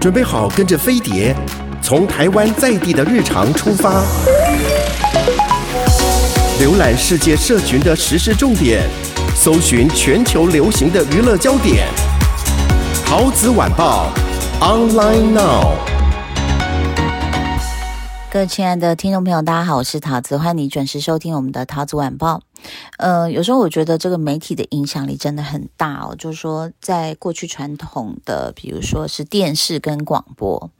準備好，跟着飛碟，從台灣在地的日常出發，瀏覽世界社群的時事重點，搜尋全球流行的娛樂焦點。陶子晚報，online now。各位親愛的聽眾朋友，大家好，我是陶子，歡迎你準時收聽我們的陶子晚報。呃，有時候我覺得這個媒體的影響力真的很大哦，就是說，在過去傳統的，比如說是電視跟廣播，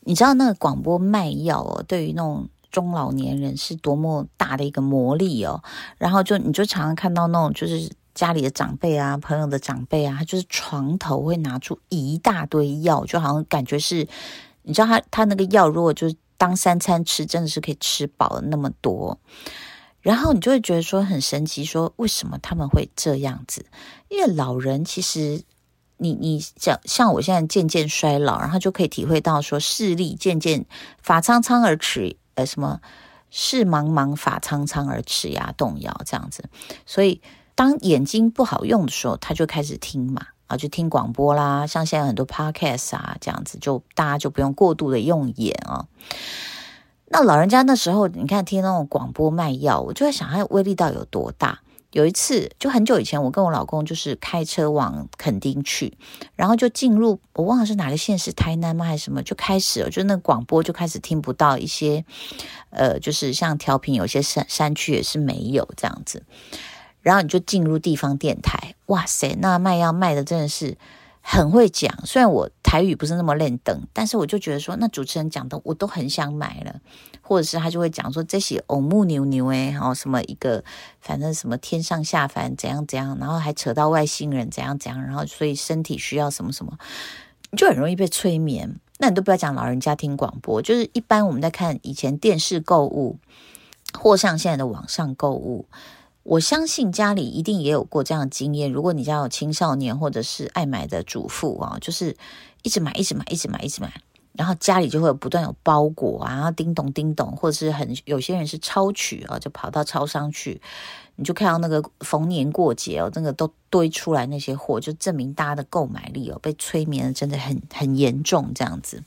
你知道那個廣播賣藥哦，對於那種中老年人是多麼大的一個魔力哦。然後就你就常常看到那種就是家裡的長輩啊，朋友的長輩啊，他就是床頭會拿出一大堆藥，就好像感覺是，你知道他他那個藥如果就是當三餐吃，真的是可以吃飽了那麼多。然後你就會覺得說很神奇，說為什麼他們會這樣子？因為老人其實你，你你像像我現在漸漸衰老，然後就可以體會到說視力漸漸髮蒼蒼而齒呃，什麼視茫茫髮蒼蒼而齒牙、啊，動搖這樣子。所以當眼睛不好用的時候，他就開始聽嘛，啊，就聽廣播啦，像現在很多 podcast 啊這樣子就，就大家就不用過度的用眼啊、哦。那老人家那時候，你看聽那種廣播賣藥，我就會想，他威力到底有多大？有一次，就很久以前，我跟我老公就是開車往墾丁去，然後就進入，我忘了是哪個縣市，台南嗎還是什麼，就開始了，就那個廣播就開始聽不到一些，呃，就是像調頻，有些山山區也是沒有這樣子，然後你就進入地方電台，哇塞，那賣藥賣的真的是。很會講，雖然我台語不是那麼認登，但是我就覺得說，那主持人講的我都很想買了，或者是他就會講說這些歐木牛牛誒，然後什麼一個，反正什麼天上下凡怎樣怎樣，然後還扯到外星人怎樣怎樣，然後所以身體需要什麼什麼，你就很容易被催眠。那你都不要講老人家聽廣播，就是一般我們在看以前電視購物，或像現在的網上購物。我相信家裡一定也有過這樣的經驗，如果你家有青少年或者是愛買的主婦啊，就是一直買，一直買，一直買，一直買。然後家裡就會有不斷有包裹啊，叮咚叮咚，或者是很有些人是超取啊，就跑到超商去，你就看到那個逢年過節哦，那個都堆出來那些貨，就證明大家的購買力哦被催眠的真的很很嚴重，這樣子。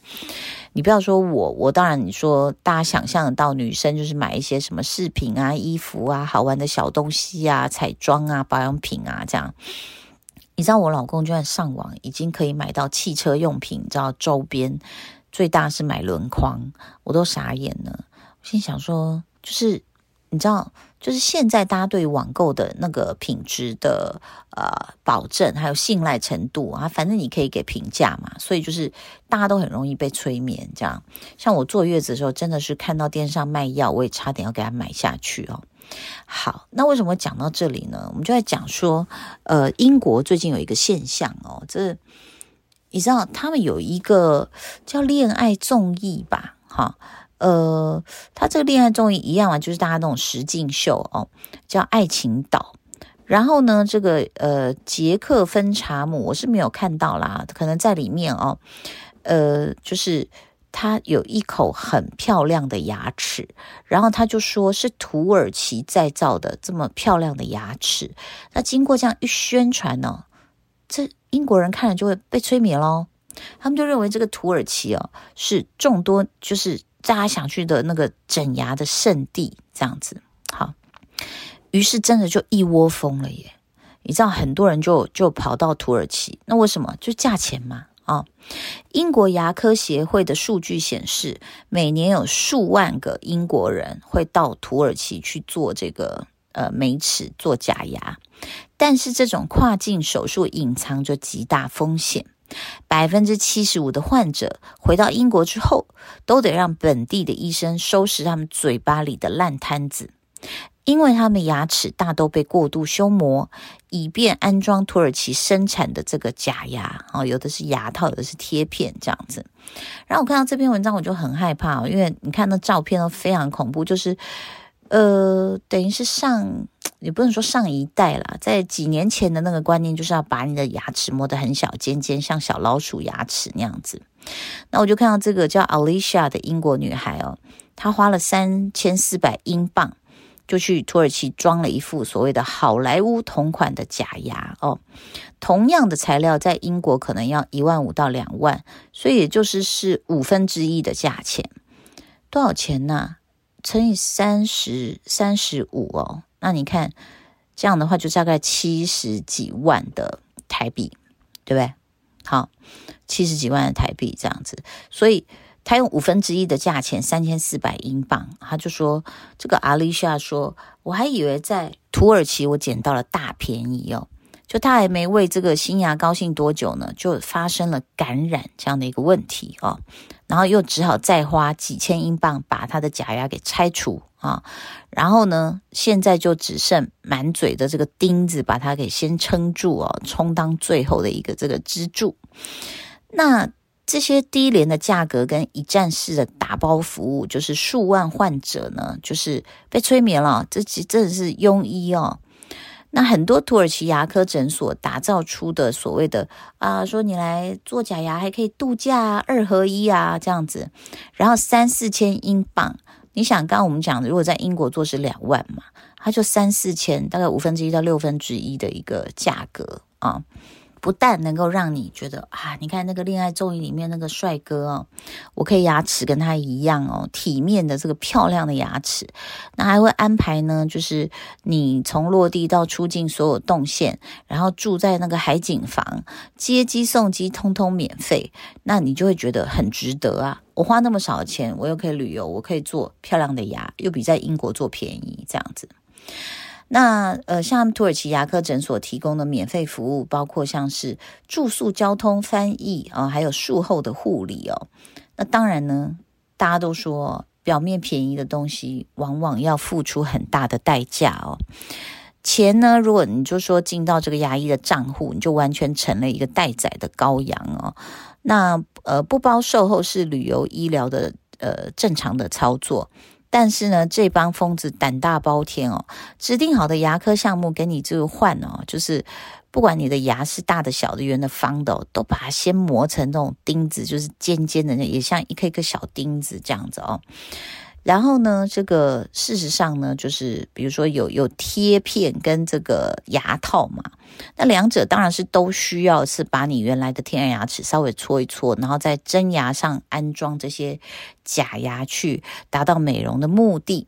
你不要說我，我當然你說大家想象得到，女生就是買一些什麼飾品啊、衣服啊、好玩的小東西啊、彩妝啊、保養品啊這樣。你知道我老公就在上網，已經可以買到汽車用品，你知道周邊。最大是買輪框，我都傻眼了。我心想說，就是你知道，就是現在大家對網購的那個品質的呃保證，還有信賴程度啊，反正你可以給評價嘛，所以就是大家都很容易被催眠。這樣，像我坐月子的時候，真的是看到電視上賣藥，我也差點要給他買下去哦。好，那為什麼講到這裡呢？我們就在講說，呃，英國最近有一個現象哦，這。你知道他們有一個叫《戀愛綜藝》吧？哈、哦，呃，他這個戀愛綜藝一樣嘛，就是大家那種實境秀哦，叫《愛情島》。然後呢，這個呃，傑克·芬查姆我是沒有看到啦，可能在裡面哦，呃，就是他有一口很漂亮的牙齒，然後他就說是土耳其再造的這麼漂亮的牙齒。那經過這樣一宣傳呢、哦，這。英國人看了就會被催眠嘍，他們就認為這個土耳其哦，是眾多就是大家想去的那個整牙的聖地這樣子，好，於是真的就一窩蜂了耶，你知道很多人就就跑到土耳其，那為什麼？就價錢嘛啊！英國牙科協會的數據顯示，每年有數萬個英國人會到土耳其去做這個。呃，美齒做假牙，但是這種跨境手術隱藏着極大風險，百分之七十五的患者回到英國之後，都得讓本地的醫生收拾他們嘴巴裡的爛攤子，因為他們牙齒大都被過度修磨，以便安裝土耳其生產的這個假牙。哦，有的是牙套，有的是貼片，這樣子。然後我看到這篇文章，我就很害怕，因為你看那照片都非常恐怖，就是。呃，等於是上，也不能說上一代啦。在幾年前的那個觀念，就是要把你的牙齒磨得很小尖尖，像小老鼠牙齒那樣子。那我就看到這個叫 Alicia 的英國女孩哦，她花了三千四百英鎊就去土耳其裝了一副所謂的好萊塢同款的假牙哦。同樣的材料在英國可能要一萬五到兩萬，所以也就是是五分之一的價錢。多少錢吶？乘以三十三十五哦，那你看這樣的話就大概七十幾萬的台幣，對不對？好，七十幾萬的台幣這樣子，所以他用五分之一的價錢三千四百英鎊，他就說，這個阿麗莎說，我還以為在土耳其我撿到了大便宜哦，就他還沒為這個新牙高興多久呢，就發生了感染這樣的一個問題哦。然後又只好再花幾千英鎊把他的假牙給拆除，啊，然後呢，現在就只剩滿嘴的這個釘子把它給先撐住哦、啊，充當最後的一個這個支柱。那這些低廉的價格跟一站式的打包服務，就是數萬患者呢，就是被催眠了，這，這真的是庸醫哦。那很多土耳其牙科診所打造出的所謂的啊、呃，說你來做假牙還可以度假、啊，二合一啊這樣子，然後三四千英鎊。你想，剛剛我們講的，如果在英國做是兩萬嘛，他就三四千，大概五分之一到六分之一的一個價格啊。嗯不但能夠讓你覺得啊，你看那個戀愛綜藝裡面那個帥哥哦，我可以牙齒跟他一樣哦，體面的這個漂亮的牙齒，那還會安排呢，就是你從落地到出境所有動線，然後住在那個海景房，接機送機通通免費，那你就會覺得很值得啊！我花那麼少錢，我又可以旅遊，我可以做漂亮的牙，又比在英國做便宜，這樣子。那呃，像土耳其牙科診所提供的免費服務，包括像是住宿、交通、翻譯啊、哦，還有術後的護理哦。那當然呢，大家都說表面便宜的東西，往往要付出很大的代價哦。錢呢，如果你就說進到這個牙醫的賬戶，你就完全成了一個待宰的羔羊哦。那呃，不包售後是旅遊醫療的呃正常的操作。但是呢，這幫瘋子膽大包天哦，指定好的牙科項目給你就換哦，就是不管你的牙是大的、小的、圓的、方的哦，都把它先磨成那種釘子，就是尖尖的，也像一顆一顆小釘子這樣子哦。然後呢，這個事實上呢，就是比如說有有貼片跟這個牙套嘛，那兩者當然是都需要是把你原來的天然牙齒稍微搓一搓，然後在真牙上安裝這些假牙去達到美容的目的。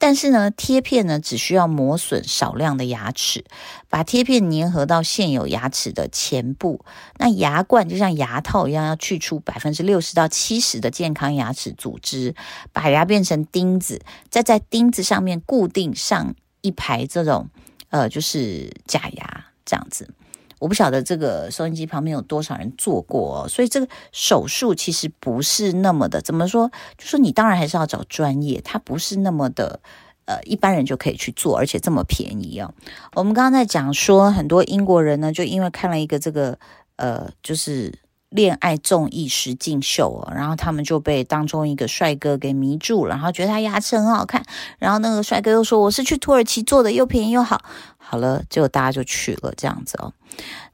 但是呢，貼片呢只需要磨損少量的牙齒，把貼片粘合到現有牙齒的前部。那牙冠就像牙套一樣，要去除百分之六十到七十的健康牙齒組織，把牙變成釘子，再在釘子上面固定上一排這種，呃，就是假牙這樣子。我不曉得這個收音機旁邊有多少人做過，哦，所以這個手術其實不是那麼的，怎麼說，就是、說你當然還是要找專業，它不是那麼的呃一般人就可以去做，而且這麼便宜哦。我們剛剛在講說，很多英國人呢，就因為看了一個這個呃就是戀愛綜藝實境秀哦，然後他們就被當中一個帥哥給迷住了，然後覺得他牙齒很好看，然後那個帥哥又說我是去土耳其做的，又便宜又好。好了，結果大家就去了，這樣子哦。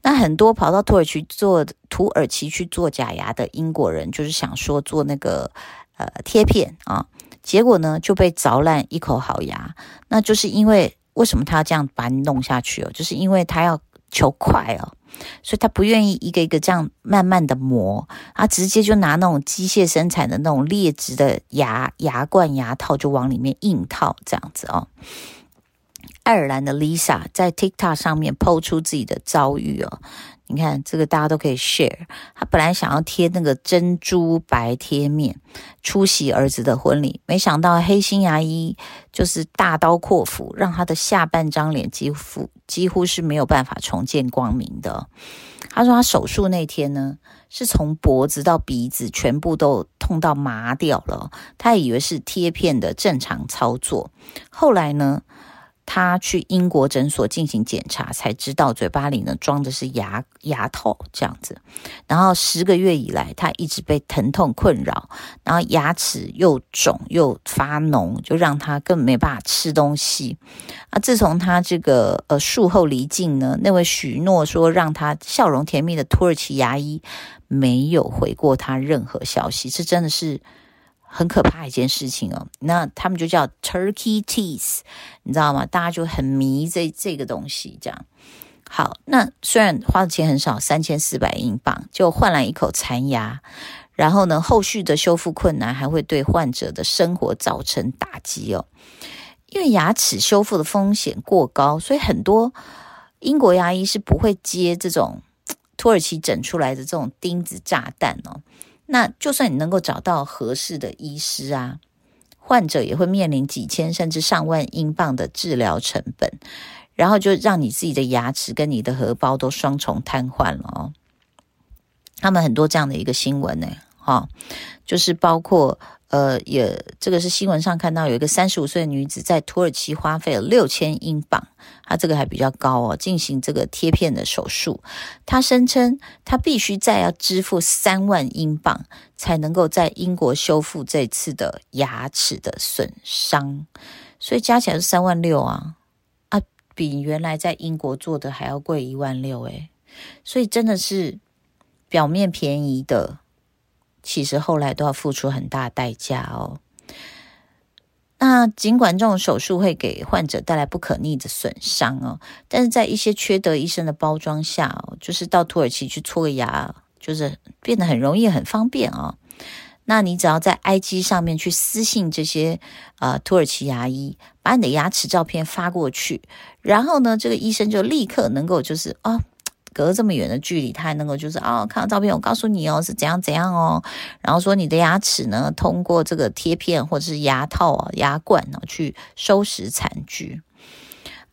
那很多跑到土耳其做土耳其去做假牙的英國人，就是想說做那個呃貼片啊、哦，結果呢就被鑿爛一口好牙。那就是因為為什麼他要這樣把你弄下去哦？就是因為他要求快哦，所以他不願意一個一個這樣慢慢的磨啊，他直接就拿那種機械生產的那種劣質的牙牙冠牙套就往裡面硬套這樣子哦。愛爾蘭的 Lisa 在 TikTok 上面 PO 出自己的遭遇哦，你看這個大家都可以 share。她本來想要貼那個珍珠白貼面出席兒子的婚禮，沒想到黑心牙醫就是大刀闊斧，讓她的下半張臉幾乎幾乎是沒有辦法重見光明的。她說她手術那天呢，是從脖子到鼻子全部都痛到麻掉了，她以為是貼片的正常操作，後來呢，他去英國診所進行檢查，才知道嘴巴裡呢裝的是牙牙套這樣子。然後十個月以來，他一直被疼痛困擾，然後牙齒又腫又發膿，就讓他更沒辦法吃東西。啊，自從他這個呃術後離境呢，那位許諾說讓他笑容甜蜜的土耳其牙醫沒有回過他任何消息，這真的是。很可怕一件事情哦，那他們就叫 Turkey Teeth，你知道嗎？大家就很迷這這個東西，這樣。好，那雖然花的錢很少，三千四百英鎊，就換來一口殘牙，然後呢，後續的修復困難還會對患者的生活造成打擊哦。因為牙齒修復的風險過高，所以很多英國牙醫是不會接這種土耳其整出來的這種釘子炸彈哦。那就算你能夠找到合適的醫師啊，患者也會面臨幾千甚至上萬英鎊的治療成本，然後就讓你自己的牙齒跟你的荷包都雙重癱瘓了哦。他們很多這樣的一個新聞呢，哦，就是包括。呃，也這個是新聞上看到，有一個三十五歲的女子在土耳其花費了六千英鎊，她這個還比較高哦，進行這個貼片的手術。她聲稱她必須再要支付三萬英鎊才能夠在英國修復這次的牙齒的損傷，所以加起來是三萬六啊啊，比原來在英國做的還要貴一萬六誒。所以真的是表面便宜的。其實後來都要付出很大代價哦。那儘管這種手術會給患者帶來不可逆的損傷哦，但是在一些缺德醫生的包裝下、哦，就是到土耳其去搓個牙，就是變得很容易、很方便哦。那你只要在 IG 上面去私信這些啊、呃、土耳其牙醫，把你的牙齒照片發過去，然後呢，這個醫生就立刻能夠就是啊。哦隔這麼遠的距離，他還能夠就是哦，看到照片，我告訴你哦，是怎樣怎樣哦。然後說你的牙齒呢，通過這個貼片或者是牙套、哦、牙冠呢、哦，去收拾殘局。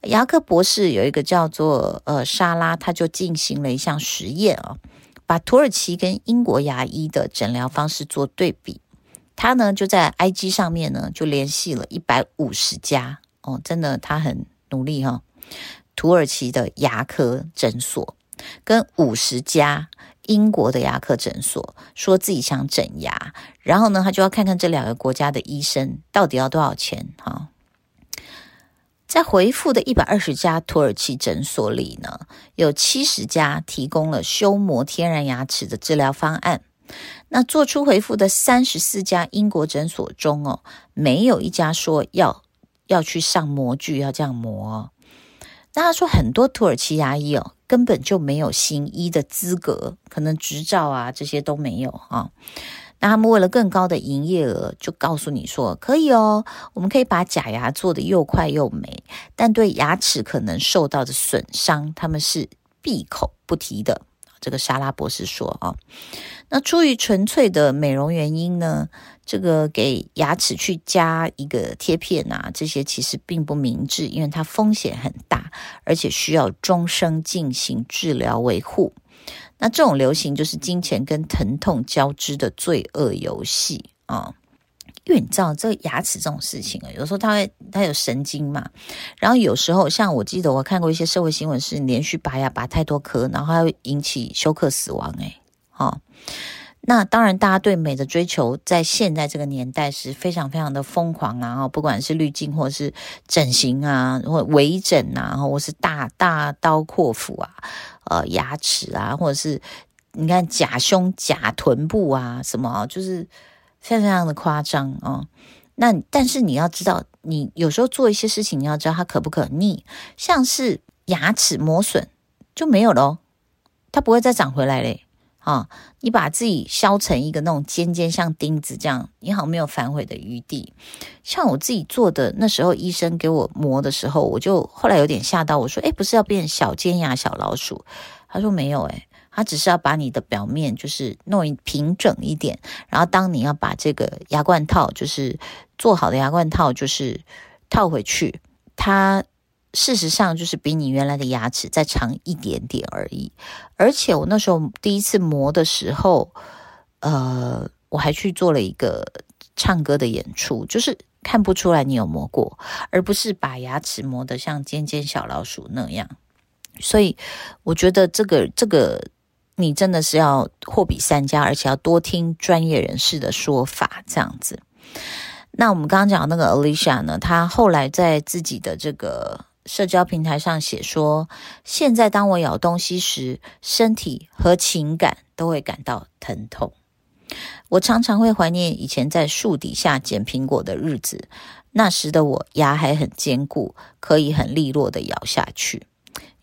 牙科博士有一個叫做呃莎拉，他就進行了一項實驗哦，把土耳其跟英國牙醫的診療方式做對比。他呢就在 IG 上面呢，就聯繫了一百五十家哦，真的他很努力哦，土耳其的牙科診所。跟五十家英國的牙科診所說自己想整牙，然後呢，他就要看看這兩個國家的醫生到底要多少錢。哈，哦，在回復的一百二十家土耳其診所裡呢，有七十家提供了修磨天然牙齒的治療方案。那做出回復的三十四家英國診所中哦，沒有一家說要要去上模具，要這樣磨哦。那他說很多土耳其牙醫哦。根本就沒有行醫的資格，可能執照啊這些都沒有啊。那他們為了更高的營業額，就告訴你說可以哦，我們可以把假牙做得又快又美，但對牙齒可能受到的損傷，他們是閉口不提的。這個莎拉博士說啊，那出於純粹的美容原因呢？這個給牙齒去加一個貼片啊，這些其實並不明智，因為它風險很大，而且需要終身進行治療維護。那這種流行就是金錢跟疼痛交織的罪惡遊戲啊、哦！因為你知道這個牙齒這種事情啊，有時候它會它有神經嘛，然後有時候像我記得我看過一些社會新聞，是連續拔牙拔太多顆，然後還會引起休克死亡哎，哈、哦。那當然，大家對美的追求在現在這個年代是非常非常的瘋狂啊！不管是濾鏡或者是整形啊，或微整啊，或是大大刀闊斧啊，呃，牙齒啊，或者是你看假胸、假臀部啊，什麼啊，就是非常非常的誇張啊。那但是你要知道，你有時候做一些事情，你要知道它可不可逆，像是牙齒磨損就沒有咯、哦，它不會再長回來嘞。啊、哦，你把自己削成一個那種尖尖像釘子這樣，你好像沒有反悔的餘地。像我自己做的那時候，醫生給我磨的時候，我就後來有點嚇到，我說：“哎，不是要變成小尖牙小老鼠？”他說：“沒有、欸，哎，他只是要把你的表面就是弄平整一點，然後當你要把這個牙冠套，就是做好的牙冠套，就是套回去，他。”事實上，就是比你原來的牙齒再長一點點而已。而且我那時候第一次磨的時候，呃，我還去做了一個唱歌的演出，就是看不出來你有磨過，而不是把牙齒磨得像尖尖小老鼠那樣。所以我覺得這個這個，你真的是要貨比三家，而且要多聽專業人士的說法，這樣子。那我們剛剛講那個 Alicia 呢，她後來在自己的這個。社交平台上寫說，現在當我咬東西時，身體和情感都會感到疼痛。我常常會懷念以前在樹底下撿蘋果的日子，那時的我牙還很堅固，可以很利落地咬下去。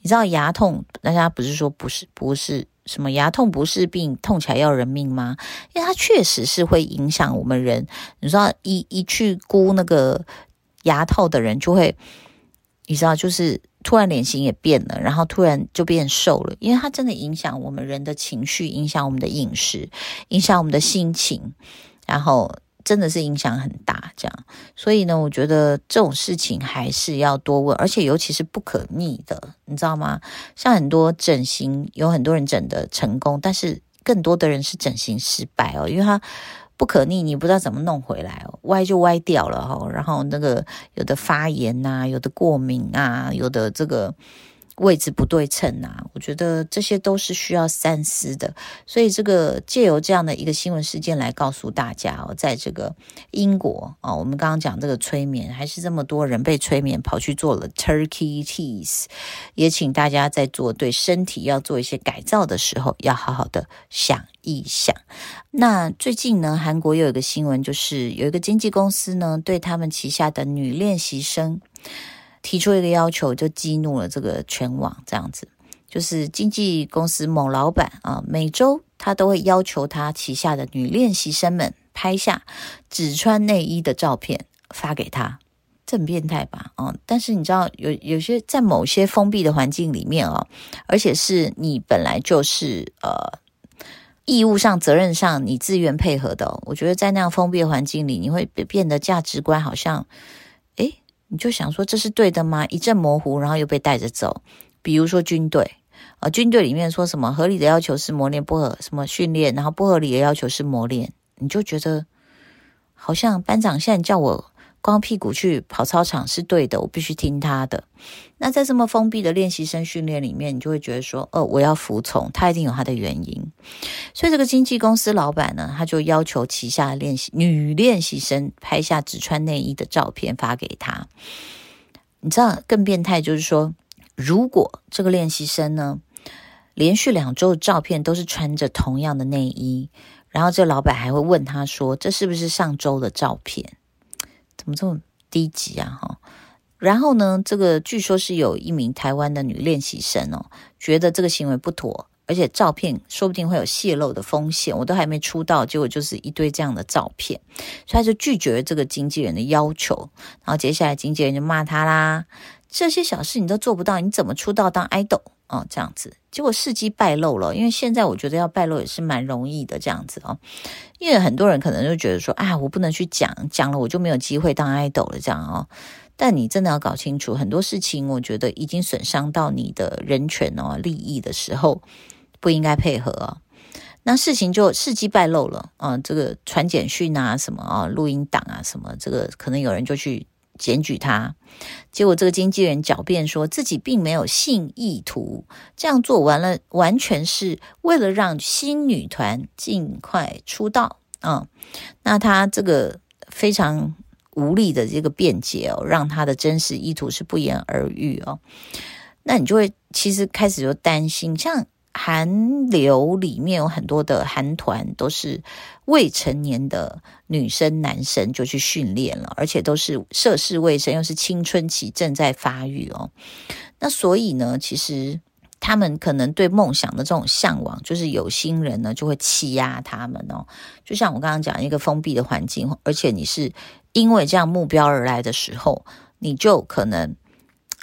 你知道牙痛，大家不是說不是不是什麼牙痛不是病，痛起來要人命嗎？因為它確實是會影響我們人。你知道，一一去箍那個牙套的人就會。你知道，就是突然臉型也變了，然後突然就變瘦了，因為它真的影響我們人的情緒，影響我們的飲食，影響我們的心情，然後真的是影響很大。這樣，所以呢，我覺得這種事情還是要多問，而且尤其是不可逆的，你知道嗎？像很多整形，有很多人整的成功，但是更多的人是整形失敗哦，因為他。不可逆，你不知道怎麼弄回來哦，歪就歪掉了哦，然後那個有的發炎啊，有的過敏啊，有的這個。位置不對稱啊，我覺得這些都是需要三思的。所以，這個借由這樣的一個新聞事件來告訴大家哦，在這個英國啊，哦，我們剛剛講這個催眠，還是這麼多人被催眠跑去做了 Turkey Teeth，也請大家在做對身體要做一些改造的時候，要好好的想一想。那最近呢，韓國又有一個新聞，就是有一個經紀公司呢，對他們旗下的女練習生。提出一個要求，就激怒了這個全網。這樣子，就是經紀公司某老闆啊，每週他都會要求他旗下的女練習生們拍下只穿內衣的照片發給他，這很變態吧？啊、嗯！但是你知道，有有些在某些封閉的環境裡面啊、哦，而且是你本來就是呃義務上責任上你自願配合的、哦，我覺得在那樣封閉的環境裡，你會變得價值觀好像。你就想說，這是對的嗎？一陣模糊，然後又被帶着走。比如說軍隊，呃，軍隊裡面說什麼合理的要求是磨練，不合，什麼訓練，然後不合理的要求是磨練。你就覺得好像班長現在叫我光屁股去跑操場是對的，我必須聽他的。那在這麼封閉的練習生訓練裡面，你就會覺得說，呃，我要服從，他一定有他的原因。所以這個經紀公司老闆呢，他就要求旗下練習女練習生拍下只穿內衣的照片發給他。你知道更變態就是說，如果這個練習生呢，連續兩週的照片都是穿着同樣的內衣，然後這老闆還會問他說，這是不是上週的照片？怎麼這麼低級啊？然後呢，這個據說是有一名台灣的女練習生哦，覺得這個行為不妥，而且照片說不定會有洩露的風險，我都還沒出道，結果就是一堆這樣的照片，所以他就拒絕了這個經紀人的要求，然後接下來經紀人就罵她啦。這些小事你都做不到，你怎麼出道當愛豆哦，這樣子，結果事蹟敗露了。因為現在我覺得要敗露也是蠻容易的，這樣子哦。因為很多人可能就覺得說，啊、哎，我不能去講，講了我就沒有機會當愛豆了這樣哦。但你真的要搞清楚，很多事情我覺得已經損傷到你的人權哦、利益的時候，不應該配合哦，那事情就事蹟敗露了，啊、哦、這個傳簡訊啊什麼啊，錄音檔啊什麼，這個可能有人就去。檢舉他，結果這個經紀人狡辯說自己並沒有性意圖，這樣做完了完全是為了讓新女團盡快出道啊、嗯。那他這個非常無力的這個辯解哦，讓他的真實意圖是不言而喻哦。那你就會其實開始就擔心，像。韓流裡面有很多的韓團，都是未成年的女生、男生就去訓練了，而且都是涉世未深，又是青春期正在發育哦。那所以呢，其實他們可能對夢想的這種嚮往，就是有心人呢就會欺壓他們哦。就像我剛剛講，一個封閉的環境，而且你是因為這樣目標而來的時候，你就可能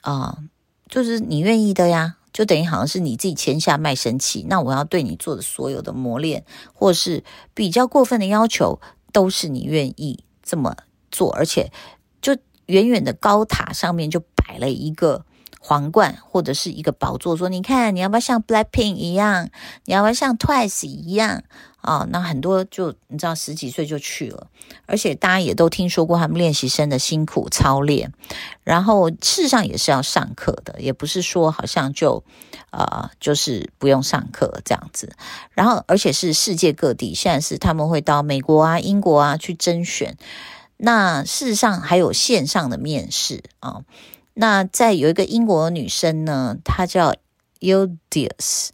啊、呃，就是你願意的呀。就等於好像是你自己簽下賣身契，那我要對你做的所有的磨練，或是比較過分的要求，都是你願意這麼做，而且就遠遠的高塔上面就擺了一個。皇冠，或者是一個寶座，說你看你要不要像 BLACKPINK 一樣，你要不要像 TWICE 一樣啊、哦？那很多就你知道十幾歲就去了，而且大家也都聽說過他們練習生的辛苦操練，然後事實上也是要上課的，也不是說好像就呃就是不用上課這樣子，然後而且是世界各地，現在是他們會到美國啊、英國啊去甄選，那事實上還有線上的面試啊。哦那在有一個英國的女生呢，她叫 Yudis，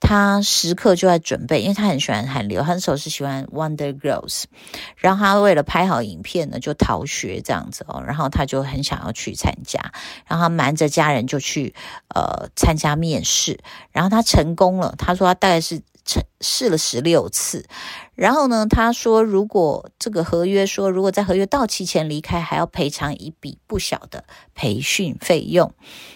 她時刻就在準備，因為她很喜歡韓流，她小時候是喜歡 Wonder Girls，然後她為了拍好影片呢，就逃學這樣子哦，然後她就很想要去參加，然後她瞞着家人就去呃參加面試，然後她成功了，她說她大概是。試了十六次，然後呢，他說如果這個合約說，如果在合約到期前離開，還要賠償一筆不小的培訓費用。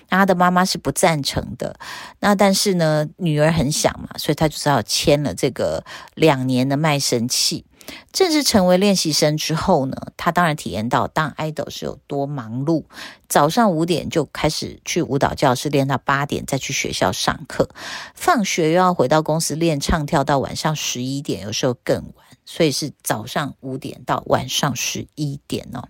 那他的媽媽是不贊成的。那但是呢，女兒很想嘛，所以她就只好簽了這個兩年的賣身契。正式成為練習生之後呢，他當然體驗到當 idol 是有多忙碌。早上五點就開始去舞蹈教室練到八點，再去學校上課，放學又要回到公司練唱跳到晚上十一點，有時候更晚，所以是早上五點到晚上十一點哦。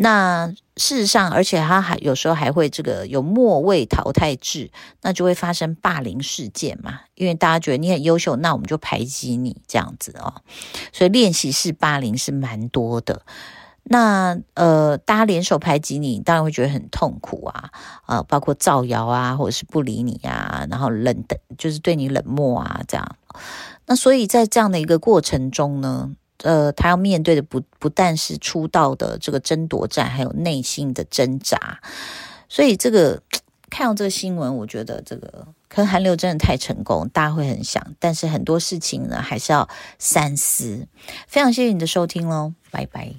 那事實上，而且他還有時候還會這個有末位淘汰制，那就會發生霸凌事件嘛，因為大家覺得你很優秀，那我們就排擠你這樣子哦。所以練習式霸凌是蠻多的。那呃，大家聯手排擠你，當然會覺得很痛苦啊啊，呃，包括造謠啊，或者是不理你啊，然後冷的就是對你冷漠啊這樣。那所以在這樣的一個過程中呢，呃，他要面對的不不但是出道的這個爭奪戰，還有內心的掙扎。所以這個看到這個新聞，我覺得這個可能韓流真的太成功，大家會很想，但是很多事情呢還是要三思。非常謝謝你的收聽嘍，拜拜。